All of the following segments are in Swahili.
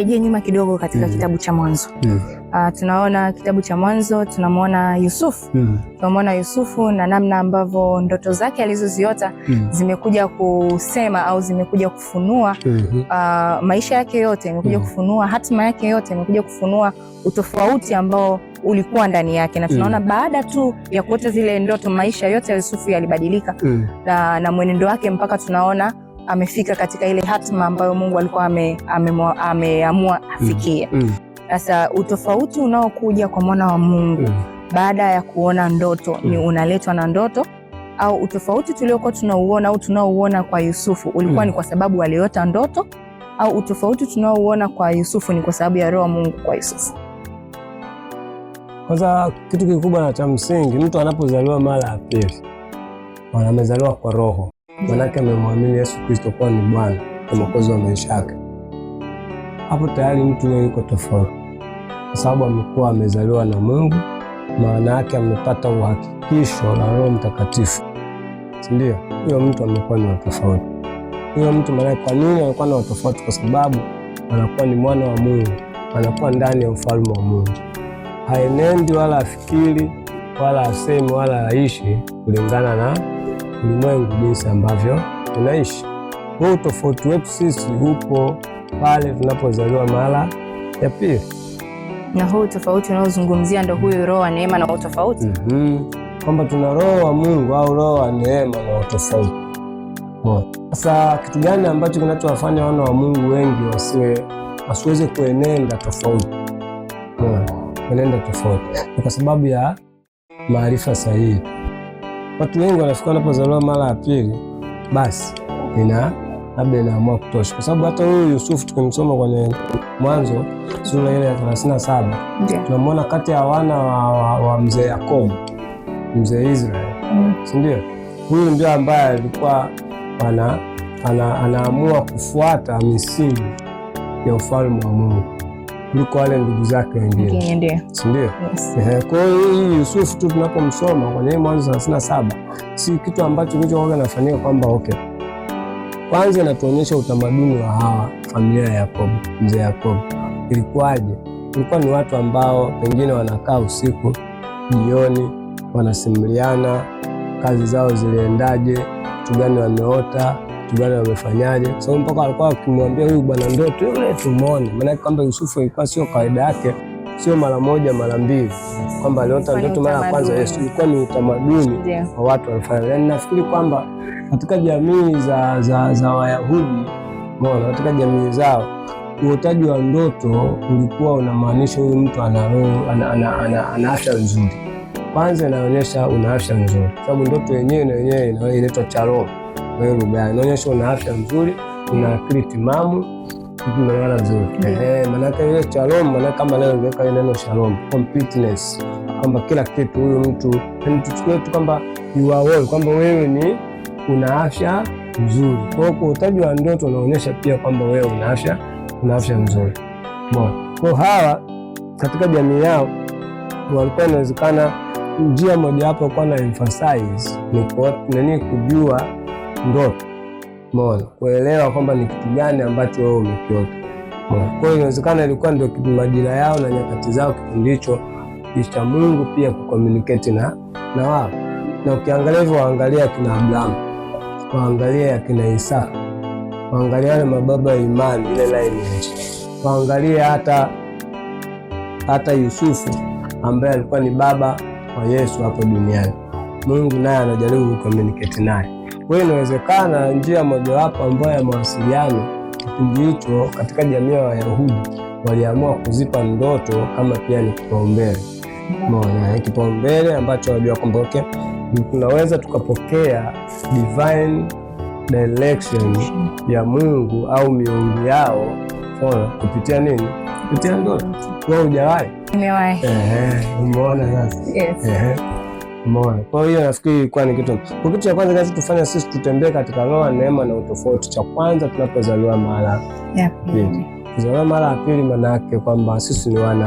turejee nyuma kidogo katika mm. kitabu cha Mwanzo mm. uh, tunaona kitabu cha Mwanzo tunamwona Yusufu mm. tunamwona Yusufu na namna ambavyo ndoto zake alizoziota mm. zimekuja kusema au zimekuja kufunua mm -hmm. uh, maisha yake yote imekuja mm. kufunua hatima yake yote imekuja kufunua utofauti ambao ulikuwa ndani yake na tunaona mm. baada tu ya kuota zile ndoto maisha yote ya Yusufu yalibadilika mm. na, na mwenendo wake mpaka tunaona amefika katika ile hatma ambayo Mungu alikuwa ameamua ame, ame afikie. Sasa mm. mm. utofauti unaokuja kwa mwana wa Mungu mm. baada ya kuona ndoto mm. ni unaletwa na ndoto au utofauti tuliokuwa tunauona au tunaouona kwa Yusufu ulikuwa mm. ni kwa sababu aliota ndoto au utofauti tunaouona kwa Yusufu ni kwa sababu ya roho Mungu kwa Yusufu. Kwanza kitu kikubwa na cha msingi, mtu anapozaliwa mara ya pili amezaliwa kwa roho manake amemwamini Yesu Kristo kuwa ni Bwana na Mwokozi wa maisha yake. Hapo tayari mtu huyo yuko tofauti, kwa sababu amekuwa amezaliwa na Mungu, maana yake amepata uhakikisho na Roho Mtakatifu, si ndio? Huyo mtu amekuwa ni watofauti. Huyo mtu maanake, kwa nini amekuwa ni watofauti? Kwa sababu anakuwa ni mwana wa Mungu, anakuwa ndani ya ufalme wa Mungu, haenendi wala afikiri wala asemi wala aishi kulingana na ulimwengu jinsi ambavyo tunaishi. Huu tofauti wetu sisi upo pale tunapozaliwa mara ya pili, na huu tofauti unaozungumzia ndo huyu roho wa neema na utofauti mm -hmm. kwamba tuna roho wa Mungu au roho wa neema na utofauti. Sasa kitu gani ambacho kinachowafanya wana wa Mungu wengi wasiwe wasiweze kuenenda tofauti kuenenda tofauti ni kwa sababu ya maarifa sahihi. Watu wengi wanafika wanapozaliwa mara ya pili, basi ina labda inaamua kutosha, kwa sababu hata huyu Yusufu tukimsoma kwenye Mwanzo sura ile ya 37 saba tunamwona kati ya wana wa, wa, wa mzee Yakobo, mzee Israeli mm. sindio? Huyu ndio ambaye alikuwa ana, ana, anaamua kufuata misingi ya ufalme wa Mungu kuliko wale ndugu zake wengine, si ndio? Kwa hiyo hii Yusufu tu tunapomsoma kwenye Mwanzo 37 si kitu ambacho kilichokuwa nafanyika kwamba okay. Kwanza inatuonyesha utamaduni wa hawa familia ya Yakobo, mzee Yakobo ilikuwaje? Ilikuwa ni watu ambao pengine wanakaa usiku, jioni, wanasimuliana kazi zao ziliendaje, kitu gani wameota bwana amefanyaje? So mpaka alikuwa akimwambia huyu bwana ndoto yule tumone, Maana kwamba Yusufu ilikuwa sio kawaida yake, sio mara moja mara mbili, kwamba aliota ndoto mara ya kwanza Yesu. Ilikuwa ni utamaduni yeah, wa watu walifanya. Yani nafikiri kwamba katika jamii za, za, za Wayahudi mona katika jamii zao uotaji wa ndoto ulikuwa unamaanisha huyu mtu ana ana, ana, ana, ana afya nzuri. Kwanza inaonyesha una afya nzuri, sababu ndoto yenyewe na yenyewe inaletwa cha roho kwa hiyo lugha inaonyesha una afya nzuri, una akili timamu, mtu unaona vizuri. Eh, maanake ile shalom, maanake kama leo ingeweka ile neno shalom completeness, kwamba kila kitu huyu mtu yani, tuchukue tu kwamba you are well, kwamba wewe ni una afya nzuri. Kwa hiyo utaji wa ndoto unaonyesha pia kwamba wewe una afya una afya nzuri. Kwa hawa katika jamii yao walikuwa inawezekana njia mojawapo kwa na emphasize ni kwa nini kujua ndoto mona, kuelewa kwamba ni kitu gani ambacho wewe umekiota. Kwa hiyo inawezekana ilikuwa ndio majira yao na nyakati zao kipindi hicho cha Mungu pia kukomuniketi na na wao, na ukiangalia hivyo, waangalia akina Abrahamu, waangalia akina Isaka, waangalia wale mababa ya imani ile lineage, waangalia hata hata Yusufu ambaye alikuwa ni baba wa Yesu hapo duniani. Mungu naye anajaribu kukomuniketi naye. Kwa hiyo inawezekana njia mojawapo ambayo ya mawasiliano kipindi hicho katika jamii ya Wayahudi waliamua kuzipa ndoto kama pia ni kipaumbele mona eh, kipaumbele ambacho wajua kwamba okay, tunaweza tukapokea divine direction ya Mungu au miungu yao mona, kupitia nini? Kupitia ndoto. Wewe hujawahi? Nimewahi. Umeona sasa? Yes. Mbona? Kwa hiyo nafikiri ilikuwa ni kitu. Kwa kitu cha kwanza kazi tufanya sisi tutembee katika roho neema na utofauti, cha kwanza tunapozaliwa mara ya pili. Kuzaliwa mara ya pili maana yake kwamba sisi ni wana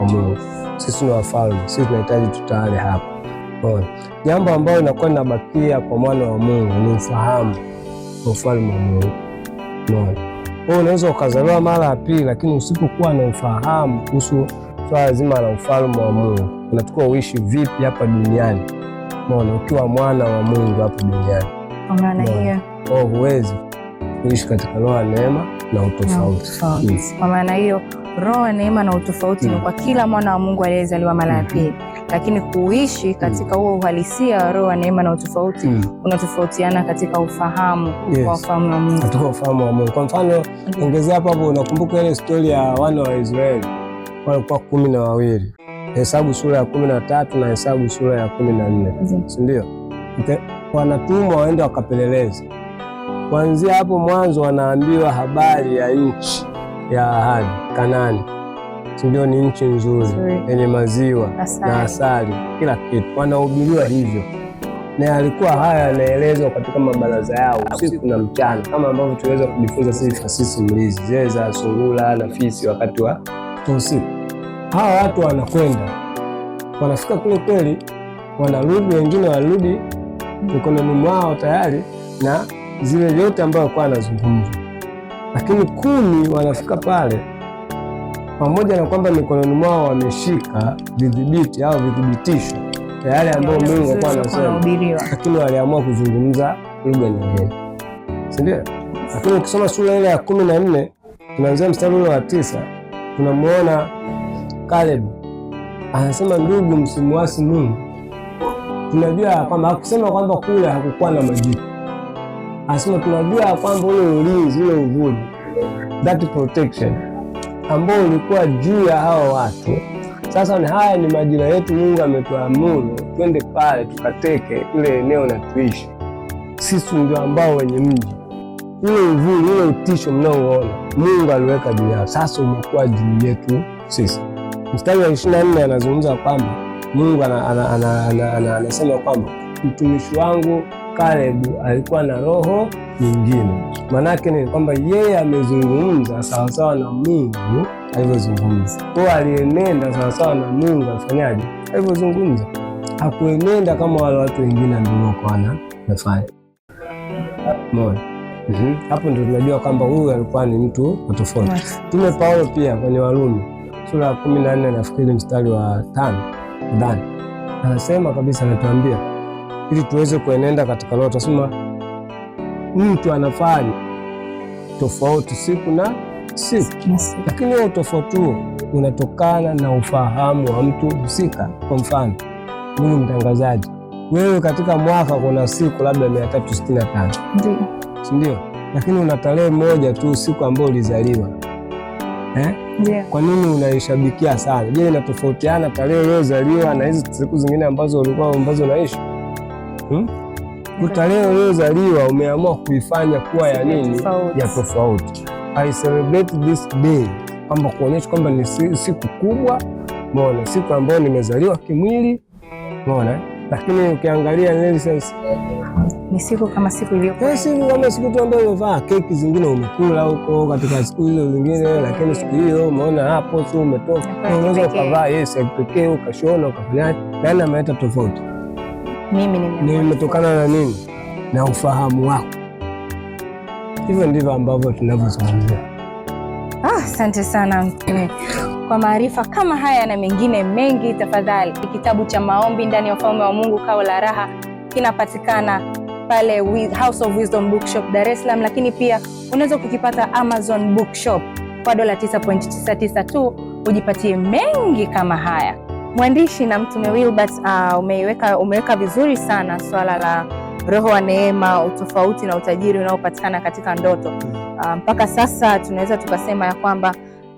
wa Mungu, sisi ni wafalme, sisi tunahitaji tutawale hapa. Umeona? Jambo ambalo linakuwa linabakia kwa mwana wa Mungu ni ufahamu wa ufalme wa Mungu. Wewe Unaweza ukazaliwa mara ya pili, lakini usipokuwa na ufahamu kuhusu swala zima la ufalme wa Mungu, unatakiwa uishi vipi hapa duniani, mona ukiwa mwana wa Mungu hapa duniani. Kwa maana hiyo huwezi kuishi katika roho ya neema na utofauti. Kwa maana hiyo roho ya neema na utofauti ni kwa kila mwana wa Mungu aliyezaliwa mara ya pili mm-hmm. lakini kuishi katika huo uhalisia wa roho wa neema na utofauti mm. unatofautiana katika ufahamu yes. wa ufahamu wa Mungu, katika ufahamu wa Mungu. Kwa mfano ongezea hapo hapo, unakumbuka ile stori ya wana wa Israeli walikuwa kumi na wawili. Hesabu sura ya kumi na tatu na Hesabu sura ya kumi na nne sindio Wanatumwa waende wakapeleleze. Kuanzia hapo mwanzo wanaambiwa habari ya nchi ya ahadi kanani sindio Ni nchi nzuri yenye maziwa asali na asali, kila kitu. Wanahubiriwa hivyo na yalikuwa haya yanaelezwa katika mabaraza yao usiku na mchana, kama ambavyo tuliweza kujifunza sisi kasisi mlizi zile za sungura na fisi wakati wa cha usiku. Hawa watu wanakwenda wanafika kule kweli, wanarudi, wengine warudi mikononi mwao tayari na zile yote ambayo kwa anazungumza, lakini kumi wanafika pale, pamoja na kwamba mikononi mwao wameshika vidhibiti au vidhibitisho tayari yale ambayo Mungu alikuwa anasema, lakini waliamua kuzungumza lugha nyingine, si ndio? Lakini ukisoma sura ile ya kumi na nne tunaanzia mstari ule wa tisa tunamwona Kalebu anasema, ndugu, msimwasi Mungu. Tunajua kwamba hakusema kwamba kule hakukuwa na majitu, anasema tunajua kwamba ule ulinzi, ule uvuli, that protection ambao ulikuwa juu ya hao watu. Sasa ni haya ni majira yetu, Mungu ametuamuru twende pale tukateke ile eneo na tuishi, sisi ndio ambao wenye mji ule uvuli, ule utisho mnaoona Mungu aliweka juu yao, sasa umekuwa juu yetu sisi. Mstari wa nne anazungumza kwamba Mungu anasema kwamba mtumishi wangu Kalebu alikuwa na roho nyingine. maanaake ni kwamba yeye amezungumza sawasawa na Mungu alivyozungumza, ko alienenda sawasawa na Mungu afanyaji alivyozungumza. Hakuenenda kama wale watu wengine ambao walikuwa wanafanya. Mhm. hapo ndio tunajua kwamba huyu alikuwa ni mtu wa tofauti. Mtume Paulo pia kwenye Warumi sura ya kumi na nne nafikiri mstari wa tano ndani anasema kabisa, anatuambia ili tuweze kuenenda katika roho, tunasema mtu anafanya tofauti siku na siku, lakini huo utofauti huo unatokana na ufahamu wa mtu husika. Kwa mfano, ndugu mtangazaji, wewe katika mwaka kuna siku labda mia tatu sitini na tano si ndio? Lakini una tarehe moja tu, siku ambayo ulizaliwa eh? Yeah. Kwa nini unaishabikia sana? Je, inatofautiana tarehe uliozaliwa na hizi siku zingine ambazo ulikuwa ambazo unaishi hmm? Tarehe uliozaliwa umeamua kuifanya kuwa ya nini, ya tofauti. I celebrate this day, kwamba kuonyesha kwamba ni siku kubwa, mona siku ambayo nimezaliwa kimwili, umeona. Lakini ukiangalia ni siku kama siku iliyokuwa, eh, siku kama siku tu ambayo umevaa keki zingine umekula huko katika siku hizo zingine, lakini siku hiyo umeona hapo, si umetoka, unaweza ukavaa yes ya ukashona ukafanya. Nani ameleta tofauti? Mimi nimetokana na nini? Na ufahamu wako. Hivyo ndivyo ambavyo tunavyozungumzia. Ah, asante sana sana kwa maarifa kama haya na mengine mengi. Tafadhali kitabu cha maombi ndani ya ufalme wa Mungu, Kao la Raha kinapatikana pale House of Wisdom Bookshop Dar es Salaam, lakini pia unaweza kukipata Amazon Bookshop kwa dola 9.99 tu, ujipatie mengi kama haya. Mwandishi na Mtume Wilbert, uh, umeiweka umeweka vizuri sana swala la roho wa neema, utofauti na utajiri unaopatikana katika ndoto. Uh, mpaka sasa tunaweza tukasema ya kwamba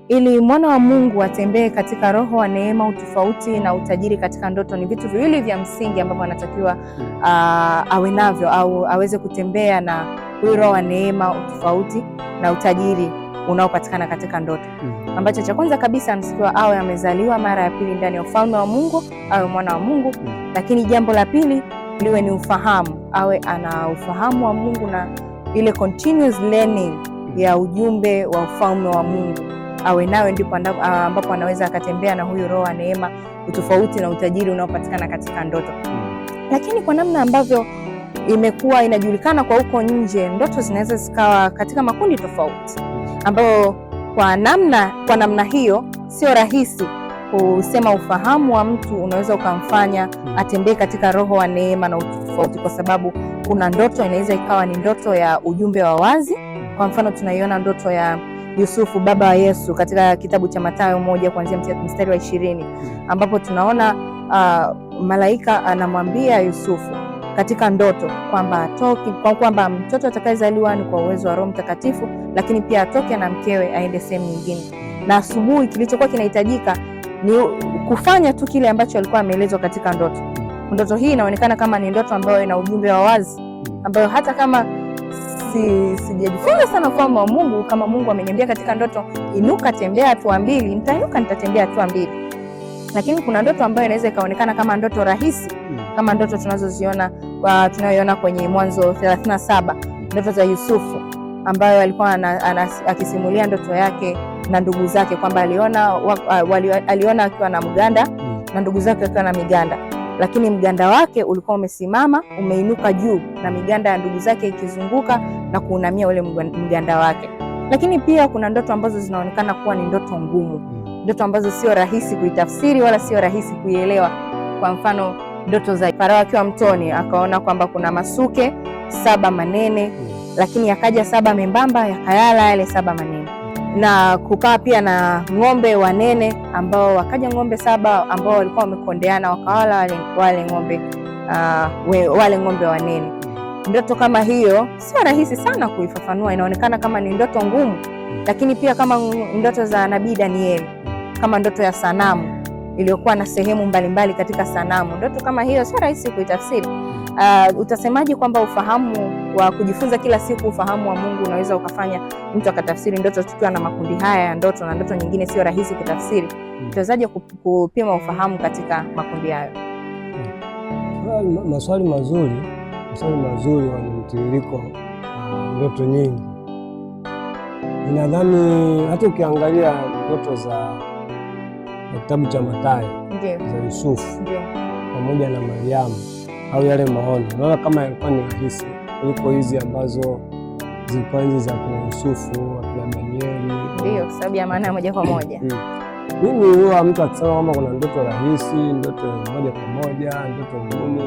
ili mwana wa Mungu atembee katika roho wa neema. Utofauti na utajiri katika ndoto ni vitu viwili vya msingi ambavyo anatakiwa hmm. uh, awe navyo au aweze kutembea na huyu roho wa neema, utofauti na utajiri unaopatikana katika ndoto hmm. Ambacho cha kwanza kabisa anatakiwa awe amezaliwa mara ya pili ndani ya ufalme wa Mungu, awe mwana wa Mungu hmm. Lakini jambo la pili liwe ni ufahamu, awe ana ufahamu wa Mungu na ile continuous learning hmm. ya ujumbe wa ufalme wa Mungu awe nawe, ndipo ah, ambapo anaweza akatembea na huyu roho wa neema, utofauti na utajiri unaopatikana katika ndoto. Mm. Lakini kwa namna ambavyo imekuwa inajulikana kwa huko nje, ndoto zinaweza zikawa katika makundi tofauti, mm. ambayo kwa namna kwa namna hiyo sio rahisi kusema ufahamu wa mtu unaweza ukamfanya mm. atembee katika roho wa neema na utofauti, kwa sababu kuna ndoto inaweza ikawa ni ndoto ya ujumbe wa wazi. Kwa mfano tunaiona ndoto ya Yusufu baba wa Yesu katika kitabu cha Mathayo moja kuanzia mstari wa ishirini hmm. ambapo tunaona uh, malaika anamwambia Yusufu katika ndoto kwamba atoke, kwa kwamba mtoto atakayezaliwa ni kwa uwezo wa Roho Mtakatifu, lakini pia atoke na mkewe aende sehemu nyingine. Na asubuhi kilichokuwa kinahitajika ni kufanya tu kile ambacho alikuwa ameelezwa katika ndoto. Hmm. Ndoto hii inaonekana kama ni ndoto ambayo ina ujumbe wa wazi, hmm. ambayo hata kama si sijajipenda sana ufalme wa Mungu. Kama Mungu ameniambia katika ndoto, inuka, tembea hatua mbili, nitainuka, nitatembea hatua mbili. Lakini kuna ndoto ambayo inaweza ikaonekana kama ndoto rahisi, hmm. kama ndoto tunazoziona tunayoiona kwenye Mwanzo 37 ndoto za Yusufu ambayo alikuwa akisimulia ndoto yake na ndugu zake kwamba aliona, aliona akiwa na mganda hmm. na ndugu zake wakiwa na miganda lakini mganda wake ulikuwa umesimama umeinuka juu na miganda ya ndugu zake ikizunguka na kuunamia ule mganda wake. Lakini pia kuna ndoto ambazo zinaonekana kuwa ni ndoto ngumu, mm. ndoto ambazo sio rahisi kuitafsiri wala sio rahisi kuielewa. Kwa mfano, ndoto za Farao akiwa mtoni akaona kwamba kuna masuke saba manene, mm. lakini yakaja saba membamba yakayala yale saba manene na kukaa pia na ng'ombe wanene ambao wakaja ng'ombe saba ambao walikuwa wamekondeana wakawala wale, wale ng'ombe uh, we, wale ng'ombe wanene. Ndoto kama hiyo sio rahisi sana kuifafanua, inaonekana kama ni ndoto ngumu, lakini pia kama ndoto za Nabii Danieli, kama ndoto ya sanamu iliyokuwa na sehemu mbalimbali katika sanamu. Ndoto kama hiyo sio rahisi kuitafsiri. Uh, utasemaje kwamba ufahamu wa kujifunza kila siku ufahamu wa Mungu unaweza ukafanya mtu akatafsiri ndoto? Tukiwa na makundi haya ya ndoto na ndoto nyingine sio rahisi kutafsiri, tutawezaje hmm. kupima ufahamu katika makundi hayo? Hmm. Ah, maswali mazuri, maswali mazuri, wa mtiririko ndoto nyingi. Ninadhani hata ukiangalia ndoto za kitabu cha Mathayo za Yusufu pamoja na Mariamu au yale maono, unaona kama yalikuwa ni rahisi kuliko hizi ambazo zilikuwa hizi za kina Yusufu, akina Danieli. Ndio sababu ya maana moja kwa moja mm. mimi huwa mtu akisema kwamba kuna ndoto rahisi, ndoto moja kwa moja, ndoto ngumu,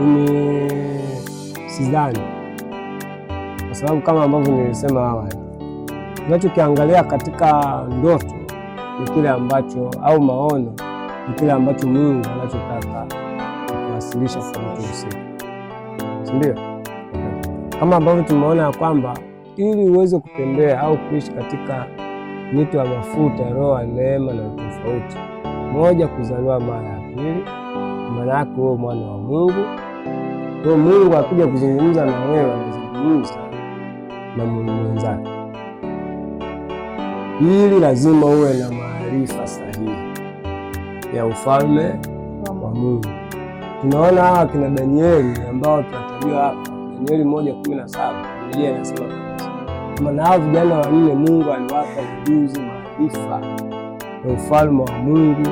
mimi sidhani, kwa sababu kama ambavyo nilisema awali, unachokiangalia katika ndoto ni kile ambacho au maono ni kile ambacho Mungu anachotaka kuwasilisha kwa mtu husika, si ndio? Kama ambavyo tumeona ya kwamba ili uweze kutembea au kuishi katika mito ya mafuta roho ya neema na utofauti, moja, kuzaliwa mara ya pili, maana yake wewe mwana wa Mungu. Kwa Mungu akija kuzungumza na wewe, anazungumza na Mungu mwenzake, ili lazima uwe na taarifa sahihi ya ufalme wa Mungu. Tunaona hawa kina Danieli ambao tunatabiwa hapa, Danieli moja kumi na saba Biblia inasema kabisa maana hao vijana wanne Mungu aliwapa ujuzi, maarifa ya ufalme wa Mungu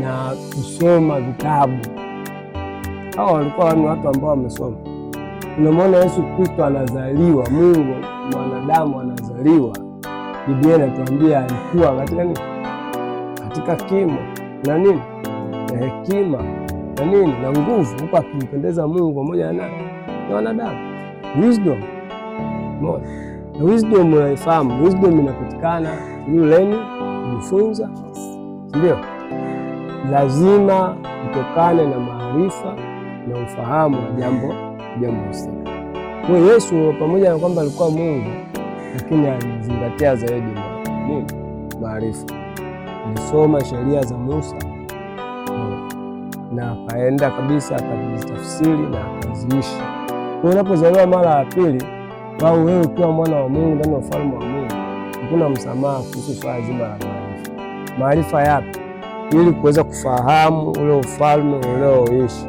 na kusoma vitabu. Hawa walikuwa ni watu ambao wamesoma. Tunamwona Yesu Kristo anazaliwa, Mungu mwanadamu anazaliwa, Biblia inatuambia alikuwa katika nini? katika kimo na nini na hekima na nini na nguvu, huku akimpendeza Mungu pamoja na na wanadamu. Wisdom moja, na wisdom unaifahamu, wisdom inapatikana yuleni kujifunza, ndio lazima kutokane na maarifa na ufahamu wa jambo jambo husika. Kwa Yesu pamoja na kwamba alikuwa Mungu, lakini alizingatia zaidi nini? Maarifa alisoma sheria za Musa na akaenda kabisa akazitafsiri na akaziishi. Kwa unapozaliwa mara ya pili au wewe ukiwa mwana wa Mungu ndani ya ufalme wa Mungu, hakuna msamaha kuhusu swala zima la maarifa. Maarifa yapi? Ili kuweza kufahamu ule ufalme unaoishi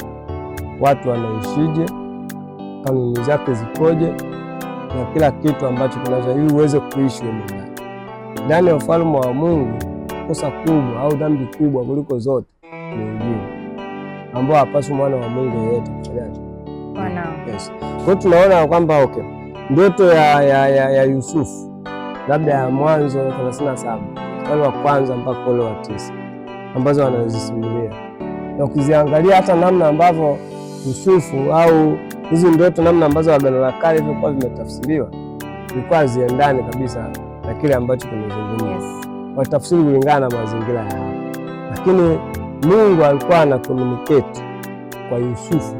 watu wanaishije, kanuni zake zikoje, na kila kitu ambacho kinacho, ili uweze kuishi ndani ya ufalme wa Mungu kosa kubwa au dhambi kubwa kuliko zote ni ujinga, ambao hapaswi mwana wa Mungu yeyote kufanyaje. Yes. Kwa tunaona kwamba okay, ndoto ya, ya, ya, ya Yusufu labda ya Mwanzo 37 mstari wa kwanza mpaka wale wa tisa ambazo wanazisimulia na ukiziangalia hata namna ambavyo Yusufu au hizi ndoto namna ambazo Agano la Kale vilikuwa vimetafsiriwa, ilikuwa haziendani kabisa na kile ambacho kimezungumzwa. Yes watafsiri kulingana na mazingira yao, lakini Mungu alikuwa ana komuniketi kwa Yusufu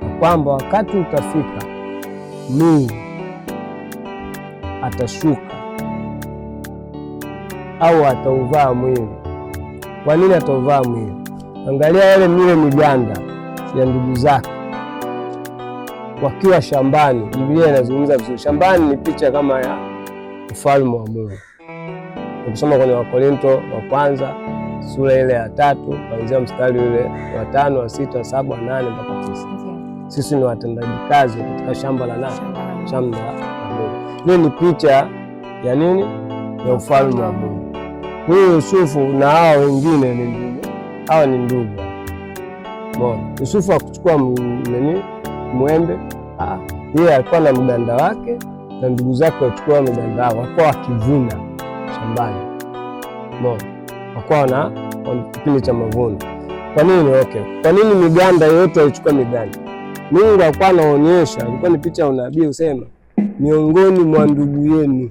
na kwamba wakati utafika Mungu atashuka au atauvaa mwili. Kwa nini atauvaa mwili? Angalia yale mile miganda ya ndugu zake wakiwa shambani. Biblia inazungumza vizuri, shambani ni picha kama ya ufalme wa Mungu. Ukisoma kwenye Wakorinto wa kwanza sura ile ya tatu kuanzia mstari ule wa tano wa sita wa saba wa nane mpaka tisa sisi ni watendaji kazi katika shamba la nani? Shamba la Mungu. Hii ni picha ya nini? Ya ufalme wa Mungu. Huyu Yusufu na hao wengine ni ndugu, hawa ni ndugu mona. Yusufu akuchukua nini? Mwembe ah, ah. yeye, alikuwa na mganda wake na ndugu zake wachukua mganda wao, walikuwa wakivuna mbali mbona wakuwa na kipindi cha mavuno. Kwa nini? Okay, kwa nini miganda yote alichukua miganda? Mungu alikuwa anaonyesha, ilikuwa ni picha ya unabii, usema miongoni mwa ndugu yenu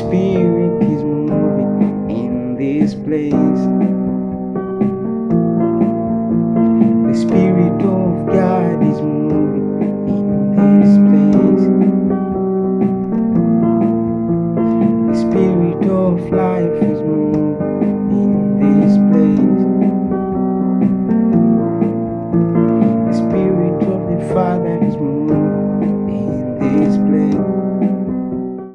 spirit is moving in this place.